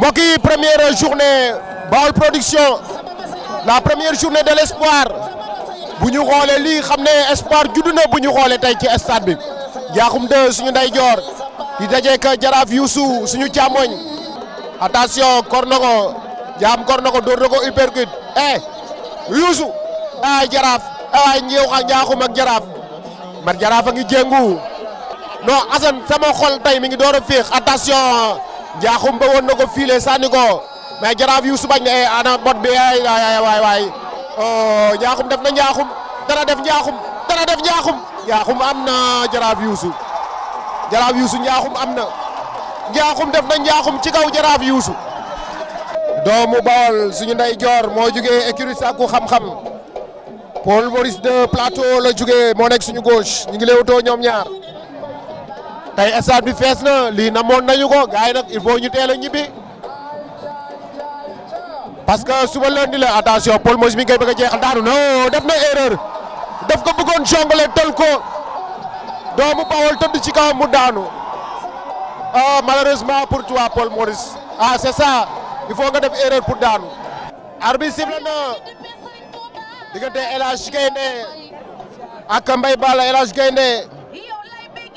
mbokk yi première journée Baol production la première journée de l' espoir bu ñu xoolee lii xam ne espoir juddu bu ñu xoolee tey ci stade bi jaaxum de suñu nday joor di dajeek jaraaf yuusu suñu càmmoñ attention kor na ko jaam kor na ko dóor na ko uppercut eh yuusu ay jaraaf ay ñëw xa njaaxum ak jaraaf man jaraaf ngi jéngu non Assane sama xol tey mi ngi door a féex attention. jaaxum ba woon na ko fiile sànni ko mais jaraaf yu subañ ne eh, ana bot bi eh, ay waay waay waay oh def na njaaxum dana def njaaxum dana def njaaxum njaaxum am na jaraaf yuusu jaraaf yuusu njaaxum am na njaaxum def na njaaxum ci kaw jaraaf yuusu doomu Bawol suñu nday joor moo jugee écurie Sakku xam-xam Paul Maurice de Plateau la jugee moo nekk suñu gauche ñu ngi léewtoo ñoom ñaar tey stade bi fees na lii namoon nañu ko gars nag il faut ñu teel ñibbi parce que suba lundi la attention Paul Moise mi ngi koy bëgg a jeexal daanu non def na erreur daf ko bëggoon jongale tol ko doomu Bawol tëdd ci mu daanu ah malheureusement pour toi Paul Maurice ah c'est ça il faut nga def erreur pour daanu. arbitre sifflé na diggante El Hadj Gaynde ak Mbaye Balla El Hadj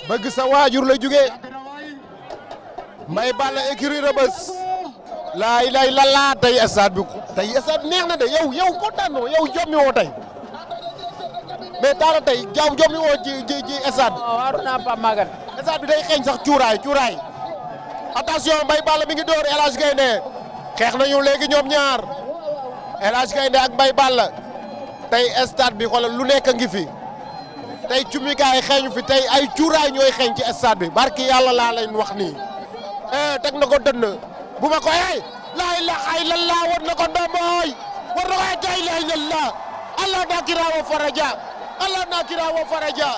bëgg sa waajur la jóge mbay balla écurie Rebeuss laa ilay lallaa tey stade bi tey stade neex na de yow yow kontaan noo yow jommi woo tey mais taara tey jaaw jommi woo ci ci ci stade bi oh, naa Pape Maguette stade bi day xeeñ sax cuuraay cuuraay attention mbay balla mi ngi door El Hadj Gaynde xeex na nañu léegi ñoom ñaar El Hadj Gaynde ak mbay balla tey stade bi xoolal lu nekk ngi fi tey cumikaay xeeñu fi tey ay cuuraay ñooy xeeñ ci stade bi barki yàlla laa leen wax nii eh, teg na ko dënn bu ma ko yaay eh, laa ilaha illallah war na ko ndombooy war na ko ay eh, tay la illallah allah naa kiraa wa faraja allah naa kiraa wa faraja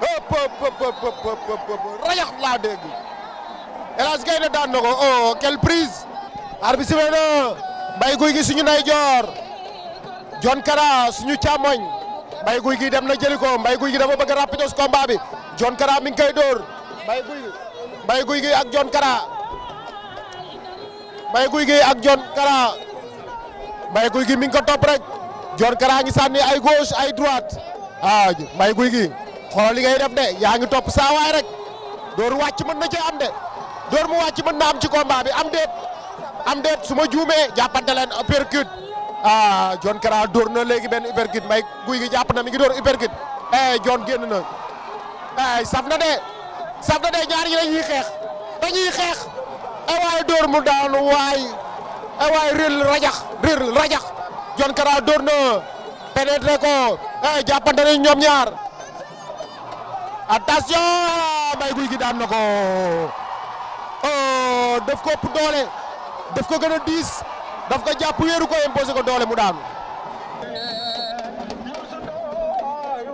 hëpp hëpp hëpp hëpp rajax laa dégg hélas gay na daan na ko oh quelle prise arbi si mee na mbay guy gi suñu nay joor jon kara suñu càmmoñ Mbaye Gouye Gui dem na jëli ko Mbaye gi Gui dafa bëgg a rapidos combat Kara mi ngi koy dóor Mbaye Gouye Gui Mbaye Gouye Gui ak John Kara Mbaye Gouye Gui ak John Kara Mbaye Gouye mi ngi ko topp rek John Kara ngi sànni ay gauche ay droite ah Mbaye Gouye Gui xoolal li ngay def de yaa ngi topp saa rek dóor wàcc mën na ci am de dóor mu wàcc mën na am ci combat bi am déet su ma juumee jàppante leen percute jon ah, John Kara dóor na léegi benn uppercut may guy gi jàpp na mi ngi dóor uppercut jon eh, John génn na eh saf de saf de ñaar ñi dañuy xeex dañuy xeex eh waaye dóor mu daanu waay eh waaye réel rajax réel rajax John Kara dóor na pénétré ko eh jàppante ñoom ñaar attention may guy gi daan na ko oh daf doole daf ko gën a diis. daf ko jàpp wéeru ko imposé ko doole mu daanu.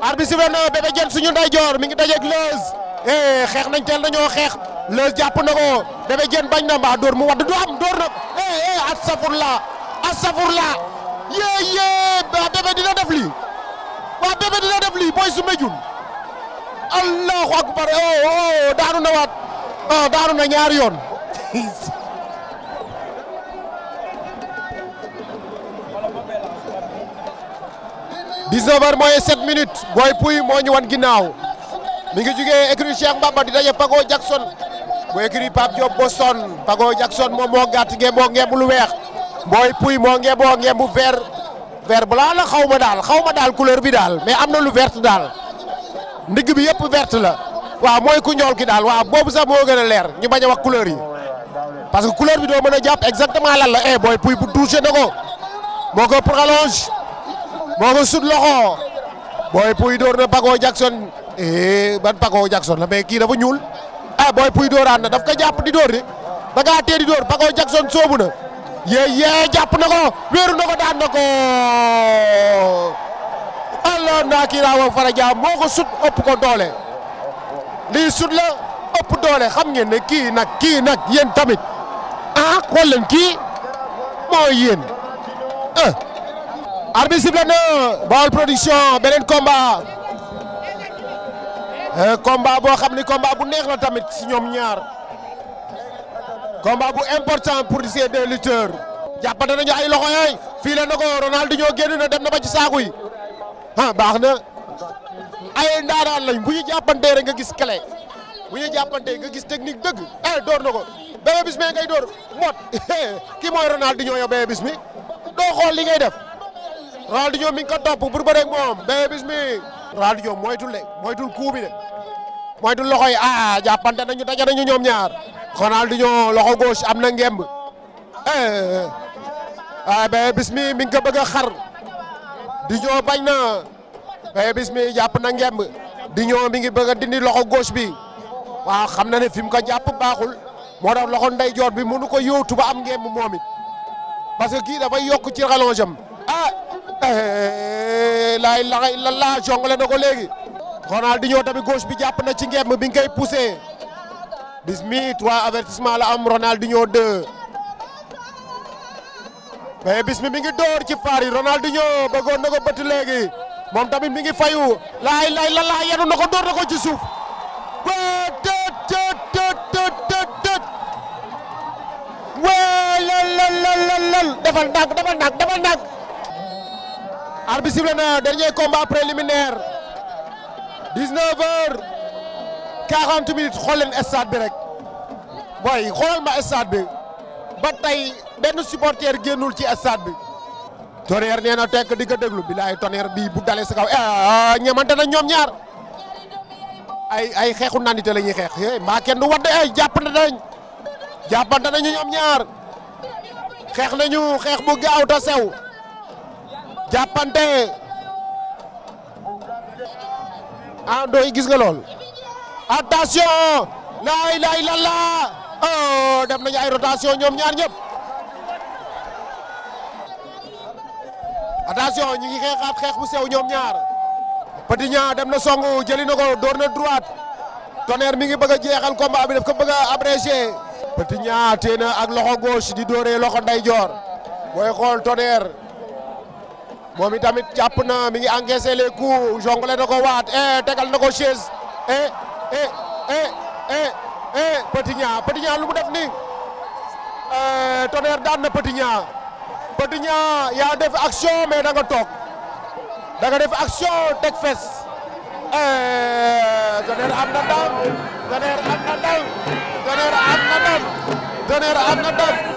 arbitre sifflé na Bébé Diène suñu ndeyjoor mi ngi dajeeg Leuz eh xeex nañ teel nañoo xeex Leuz jàpp na ko Bébé Diène bañ na mbaa dóor mu wadd du am dóor na eh eh astafurla astafurla yee yee waa Bébé dina def lii waa Bébé dina def lii booy su mejul allahu akbar oh, oh oh daanu na waat ah daanu na ñaari yoon. 19h mooy 7 minutes Boy Pouye moo ñu wan ginnaaw mi ngi jugee écurie Cheikh Mbamba di daje Pago Jackson bu écurie Pape Diop Boston moom moo gat ngemboo ngembu lu weex Boy Pouye moo ngemboo ngembu vert vert blanc la xaw ma daal xaw ma daal couleur bi daal mais am na lu vert daal ndigg bi yëpp vert la waaw mooy ku ñool ki daal waaw boobu sax moo gën leer ñu bañ a wax couleur yi parce que couleur bi doo mën a jàpp exactement lan la eh Boy Pouye bu na moo ko sut loxo booy puy door na Paco Jackson eh ban Paco Jackson la mais kii dafa ñuul ah booy puy dooraat na daf ko jàpp di door de da ngaa tee di door Jackson soobu na yee yee jàpp na ko wéeru na ko daan na ko allo naa kii naa wax Faraja moo ko sut ëpp ko doole lii sut la ëpp doole xam ngeen ne kii nag kii nag yéen tamit ah xool leen moo yéen. arbitre sifflé na Baol Production beneen combat eh, combat boo xam ni combat bu neex la tamit si ñoom ñaar combat bu important pour ces deux lutteurs jàppante nañu ay loxo yooyu eh. fii la na ko Ronaldinho génn na dem na ba ci saaku yi ah, baax na ay ndaaraan lañ bu ñu jàppantee rek nga gis clé bu ñu jàppantee nga gis technique dëgg eh door na ko Bébé Bismi ngay door mot kii mooy Ronaldinho yow Bébé Bismi doo xool li ngay def. Ronaldinho mi ngi ko topp pour bëreeg moom Bébé Bismi Ronaldinho moytul de moytul coup bi de moytul loxo yi ah, ah jàppante nañu daje nañu ñoom ñaar Ronaldinho loxo goos am na ngemb eh, eh, eh. ah Bébé Bismi mi ngi ko bëgg a xar Dinho bañ na Bébé Bismi jàpp na ngemb Dinho mi ngi bëgg a dindi loxo goos bi waaw xam na ne fi mu ko jàpp baaxul moo tax loxo ndeyjoor bi mënu ko yóotu ba am ngemb moom it parce que kii dafay yokk ci rallonge Eh, la ilaha illallah jongale na ko léegi Ronaldinho tamit gauche bi jàpp na ci ngemb bi nga koy poussé Bismi trois avertissement la am Ronaldinho deux mais eh, Bismi mi ngi door ci faar yi Ronaldinho bëggoon na ko bët léegi moom tamit mi ngi fayu la ilaha illallah yenu na ko door na ko ci suuf defal ndànk defal ndànk defal ndànk arbitre sifflé na dernier combat préliminaire 19 heures 40 minutes xool leen stade bi rek booy xoolal ma stade bi ba tey benn supporter génnul ci stade bi. Tonnerre nee na tekk di ko déglu bilaay Tonnerre bii bu dalee sa kaw eh, ah, ñamante na ñoom ñaar ay ay xeexu nandite la ñuy xeex eh, mbaa kenn du wadde ay eh, jàppante nañ jàppante nañu ñoom ñaar xeex nañu xeex bu gaaw ta sew. jàppante ah doy gis nga lool attention laa ilaaha illallaah oh def nañu ay rotation ñoom ñaar ñëpp attention ñu ngi xeexaat xeex bu sew ñoom ñaar Petit Niang dem na songu jëli na ko door na droite Tonnerre mi ngi bëgg jeexal combat bi daf ko bëgg a abrégé Petit Niang téye ak loxo gauche di dooree loxo ndeyjoor booy xool Tonnerre moom itamit jàpp na mi ngi encaissé les coups jongle na ko waat eh tegal na ko chaise eh eh eh eh eh Petit Niang Petit Niang def ni eh, Tonnerre daan na Petit Niang Petit Niang yaa def action mais da nga toog def action teg fes eh daan Tonnerre am daan Tonnerre am daan